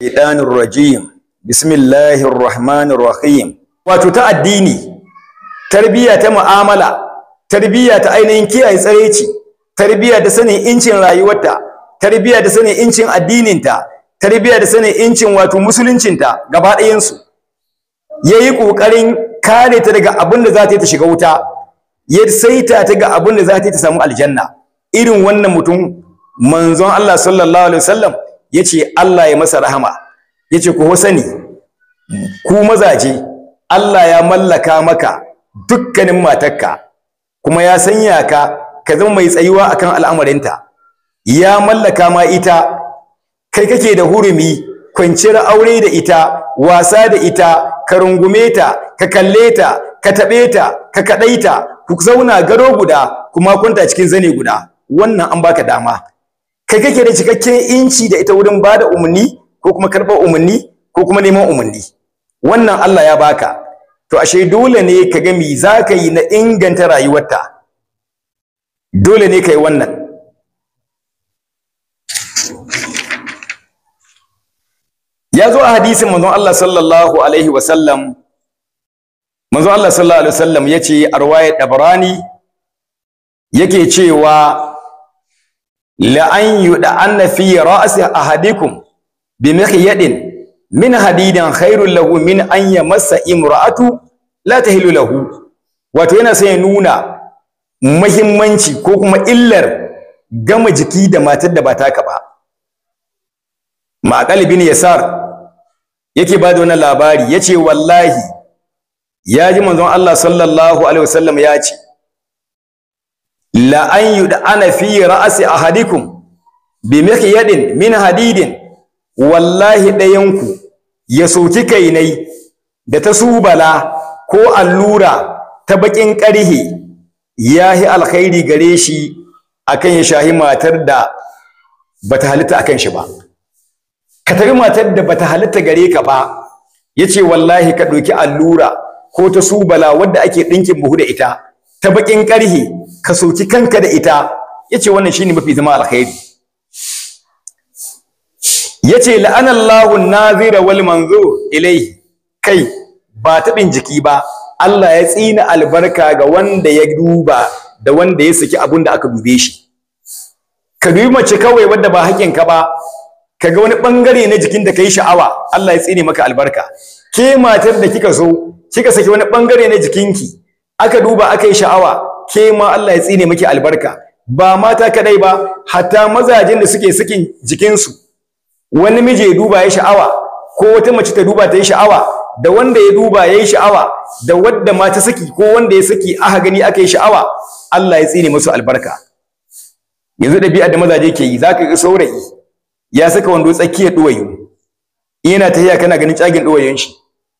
shaitanir rajim bismillahir rahmanir rahim wato ta addini tarbiyya ta mu'amala tarbiyya ta ainihin kiyaye tsareci tarbiyya ta sanin incin rayuwarta tarbiyya ta sanin incin addininta tarbiyya ta sanin incin wato musuluncinta gaba ɗayansu yi ƙoƙarin kare ta daga abin da za ta yi ta shiga wuta ya saita ta ga abin da za ta yi ta samu aljanna irin wannan mutum manzon Allah sallallahu alaihi wasallam yace Allah ya masa rahama yace ku sani ku mazaje Allah ya mallaka maka dukkanin matarka kuma ya sanya ka ka zama mai tsayuwa akan al'amarinta ya mallaka ma ita kai kake da hurumi kwanciyar aure da ita wasa da ita ka rungume ta ka kalle ta ka taɓe ta ka kaɗaita ku zauna gado guda kuma kunta cikin zane guda wannan an baka dama kai kake da cikakken inci da ita wurin da umarni ko kuma karɓar umarni ko kuma neman umarni wannan Allah ya baka to ashe dole ne ka ga me za ka yi na inganta rayuwarta dole ne ka yi wannan ya zo a hadisin manzon Allah sallallahu alaihi wasallam manzon Allah sallallahu alaihi wasallam yace a riwayar Dabrani yake cewa la'an yud'anna fi a ahadikum bi mihyadin min hadidin khairul lahu min an yamassa imra'atu la hilu lahu wato yana sai ya nuna muhimmanci ko kuma illar gama jiki da matar da ba ta ba ma'aqal bin yasar yake ba da labari yace wallahi ya ji manzon Allah sallallahu alaihi wasallam ya ce la an ana fi ra'si ahadikum bi miqyadin min hadidin wallahi ɗayanku ya sauki kainai da ta subala ko allura ta baƙin ƙarhe ya yi alkhairi gare shi akan ya shahi matar da bata halitta akan shi ba ka tafi matar da bata halitta gare ka ba yace wallahi ka ɗauki allura ko ta subala wadda ake ɗinkin buhu da ita ta baƙin karhe ka soki kanka da ita ya ce wannan shi ne mafi zama alkhairi yace la'ana na nazira wal manzo ilai kai ba taɓin jiki ba Allah ya tsina albarka ga wanda ya duba da wanda ya saki abun da aka dube shi ka dubi mace kawai wadda ba ka ba ka ga wani ɓangare na jikin da ka yi sha'awa Allah ya tsine maka albarka ke matar da kika so kika saki wani ɓangare na jikinki aka duba aka yi sha'awa ke ma Allah ya tsine miki albarka ba mata kadai ba hatta mazajen da suke sakin jikinsu wani miji ya duba ya sha'awa ko wata mace ta duba ta yi sha'awa da wanda ya duba ya yi sha'awa da wadda ma ta ko wanda ya saki aka gani aka yi sha'awa Allah ya tsine musu albarka yanzu ɗabi'a da mazaje ke yi zaka ga saurayi ya saka wando tsakiyar duwayu yana tahiya kana ganin tsagin duwayen shi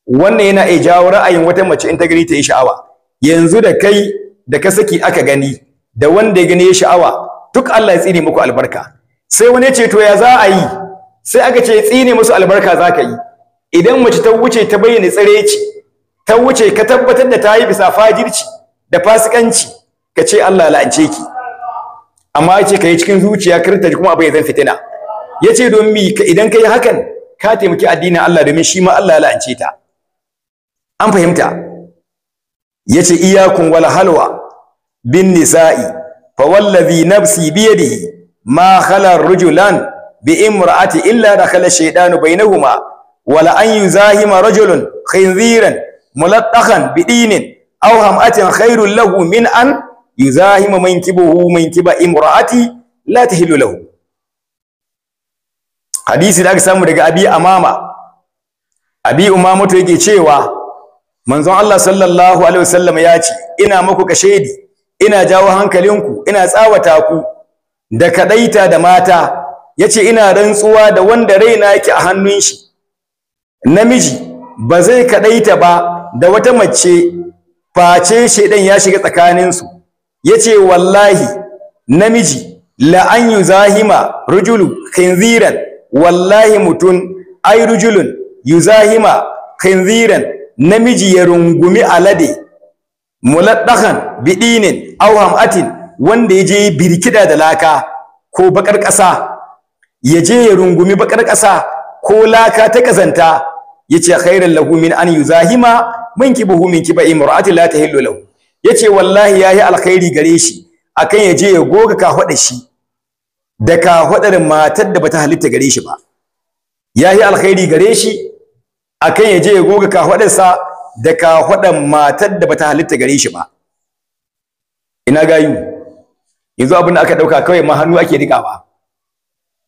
wannan yana iya jawo ra'ayin wata mace in ta gani ta yi sha'awa yanzu da kai da ka saki aka gani da wanda ya gani ya sha'awa duk Allah ya tsine muku albarka sai wani ya ce to ya za a yi sai aka ce tsine musu albarka za ka yi idan mace ta wuce ta bayyana tsireci ta wuce ka tabbatar da ta yi bisa fajirci da fasikanci ka ce Allah ya la'ance ki amma ya ce ka yi cikin zuciya karta kuma abin ya zan fitina ya ce don mi idan ka yi hakan ka taimaki addinin Allah domin shi ma Allah la'ance ta an fahimta Ya ce iyakun wal halwa bin nisa'i fa wallazi nafsi bi yadihi ma khala rajulan bi imra'ati illa dakhala shaytanu bainahuma wala an yuzahima rajulun khinziran mulaqqan bi dinin aw ham'atin khairul lahu min an yuzahima man mankiba imra'ati la tahillu lahu hadisi da aka samu daga abi amama abi umamatu yake cewa manzon Allah sallallahu alaihi wasallam ya ce ina muku kashedi ina jawo hankalinku ina tsawata ku da kadaita da mata yace ina rantsuwa da wanda raina yake a hannun shi namiji ba zai kadaita ba da wata mace face shedan ya shiga tsakaninsu yace wallahi namiji la an yuzahima rujulu khinziran wallahi mutun ay rujulun yuzahima khinziran namiji ya rungumi alade muladdakan bidinin aw hamatin wanda yaje je birkida da laka ko bakar ƙasa ya je ya rungumi bakar ƙasa ko laka ta kazanta yace khairal lahu min an yuzahima min kibuhu min kiba imra'ati la tahillu lahu yace wallahi yayi alkhairi gare shi akan ya je ya goga kahwada shi da kahwadar matar da bata halitta gare shi ba yayi alkhairi gare shi akan ya je ya goga sa da kafaɗan matar da bata halitta gare shi ba ina gayu yanzu abin da aka ɗauka kawai ma hannu ake riƙawa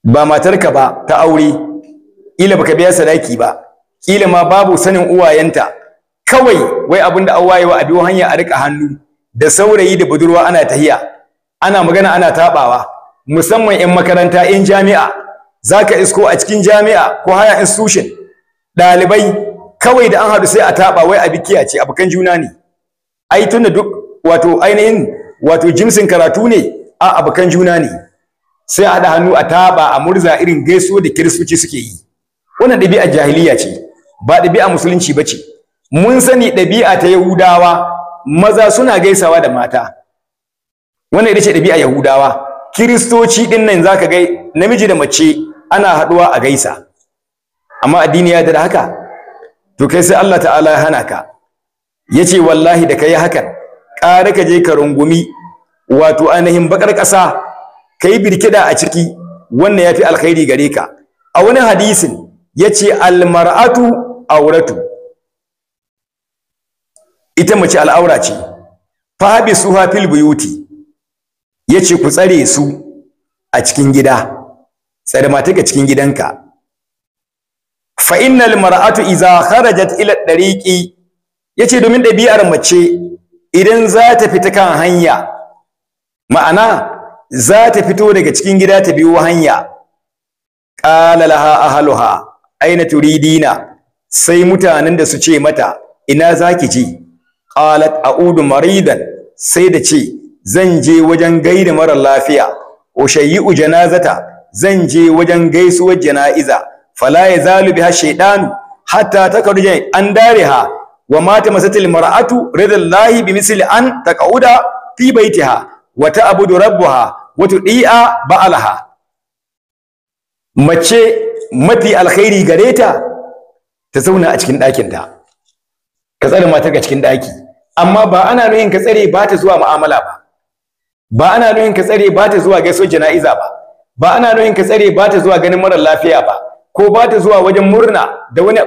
ba matarka ba ta aure ƙila baka biya sadaki ba ƙila ma babu sanin uwayenta kawai wai abin da awaye wayewa a biyo hanya a rika hannu da saurayi da budurwa ana tahiya ana magana ana taɓawa musamman 'yan makaranta 'yan jami'a zaka isko a cikin jami'a ko haya institution Dalibai, kawai da an haɗu sai a taɓa wai a bikiya ce abokan juna ne ai tunda duk wato ainihin wato jimsin karatu ne a abokan juna ne sai a haɗa hannu a taɓa a murza irin gaiso da kiristoci suke yi wannan ɗabi'a jahiliya ce ba ɗabi'a musulunci ba ce mun sani ɗabi'a ta yahudawa maza suna gaisawa da mata wannan ita ce ɗabi'a yahudawa kiristoci ɗin nan zaka ga namiji da mace ana haɗuwa a gaisa amma addini ya da haka to kai sai Allah ta'ala ya hana ka yace wallahi da kai hakan ƙara ka je ka rungumi wato ainihin bakar ƙasa kai birkida a ciki wannan fi alkhairi gare ka a wani hadisin yace almar'atu auratu ita mace al'aura ce fahbisuha fil buyuti yace ku tsare su a cikin gida tsare mata ga cikin gidanka fa innal mar'atu idza kharajat ila dariqi yace domin ɗabi'ar mace idan za ta fita kan hanya ma'ana za ta fito daga cikin gida ta biyo hanya qala laha ahluha aina turidina sai mutanen da su ce mata ina zaki je qalat a'udu maridan sai da ce zan je wajen gaida mara lafiya ushayyi'u janazata zan je wajen gaisuwar jana'iza fala yazalu biha shaytanu hatta takarja an dariha wa mata masatil mar'atu ridallahi bimisli an takauda, fi baitiha wa ta'budu rabbaha wa tudi'a ba'alaha mace mafi alkhairi gare ta ta zauna a cikin ɗakinta ka tsare matar ka cikin ɗaki amma ba ana nuhin ka tsare ba ta zuwa mu'amala ba ba ana nuhin ka tsare ba ta zuwa gaisuwar jana'iza ba ba ana nuhin ka tsare ba ta zuwa ganin marar lafiya ba ko ba ta zuwa wajen murna da wani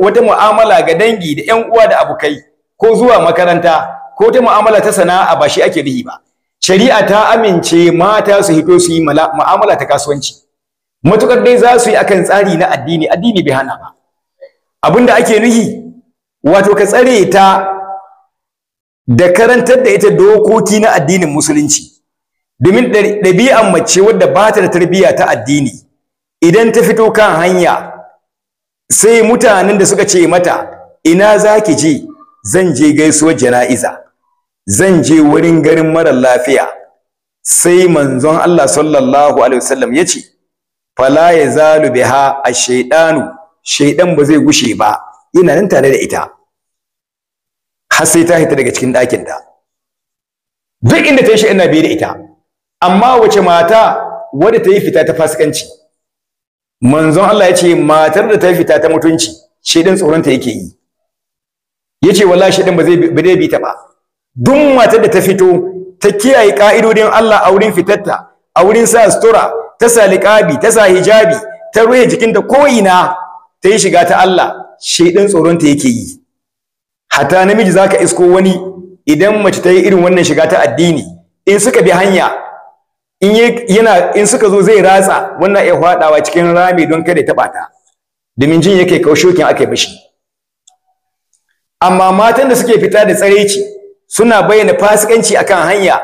wata mu'amala ga dangi da 'yan uwa da abokai ko zuwa makaranta ko ta mu'amala ta sana'a ba shi ake rihi ba shari'a ta amince mata su hito su yi mu'amala ta kasuwanci matukar dai za su yi akan tsari na addini addini bai hana ba abinda ake rihi wato ka tsare ta da karantar da ita dokoki na addinin musulunci domin ɗabi'an mace wadda ba ta da tarbiyya ta addini idan ta fito kan hanya sai mutanen da suka ce mata ina za ki je zan je gaisuwar jana'iza zan je wurin garin marar lafiya sai manzon Allah sallallahu alaihi wasallam ya ce fala ya zalu biha a shaidanu shaidan ba zai gushe ba yana nan tare da ita har sai ta hita daga cikin ɗakin ta duk inda ta yi shaidan na biye da ita amma wace mata wadda ta yi fita ta fasikanci manzon Allah ya ce matar da ta fita ta mutunci din tsoronta yake yi yace wallahi shedan ba zai ba zai bi ta ba duk matar da ta fito ta kiyaye ka'idodin Allah a wurin fitarta a wurin sa stora ta sa liƙabi, ta sa hijabi ta ruhe jikinta ko'ina ta yi shiga ta Allah din tsoronta yake yi Hata namiji zaka isko wani idan mace ta yi irin wannan shiga ta addini in suka bi hanya in yana in suka zo zai ratsa wannan ya hwadawa cikin rami don kada ya taba ta domin jin yake kaushokin aka yi mishi amma matan da suke fita da tsareci suna bayyana fasikanci akan hanya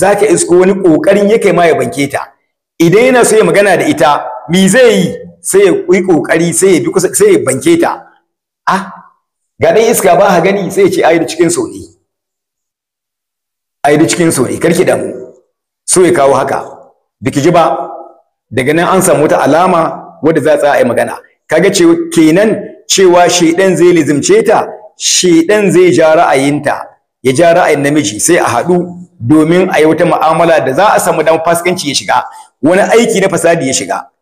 zaka isko wani kokarin yake ma ya banke ta idan yana so ya magana da ita me zai yi sai ya yi kokari sai ya bi kusa sai ya banke ta ah ga dan iska ba ha gani sai ya ce ayi da cikin sauki ayi da cikin karki damu so ya kawo haka biki ji ba daga nan an samu wata alama wadda za ta yi magana kaga ce kenan cewa shedan zai lizimce ta shedan zai ja ra'ayinta ya ja ra'ayin namiji sai a haɗu domin a yi wata mu'amala da za a samu dan faskanci ya shiga wani aiki na fasadi ya shiga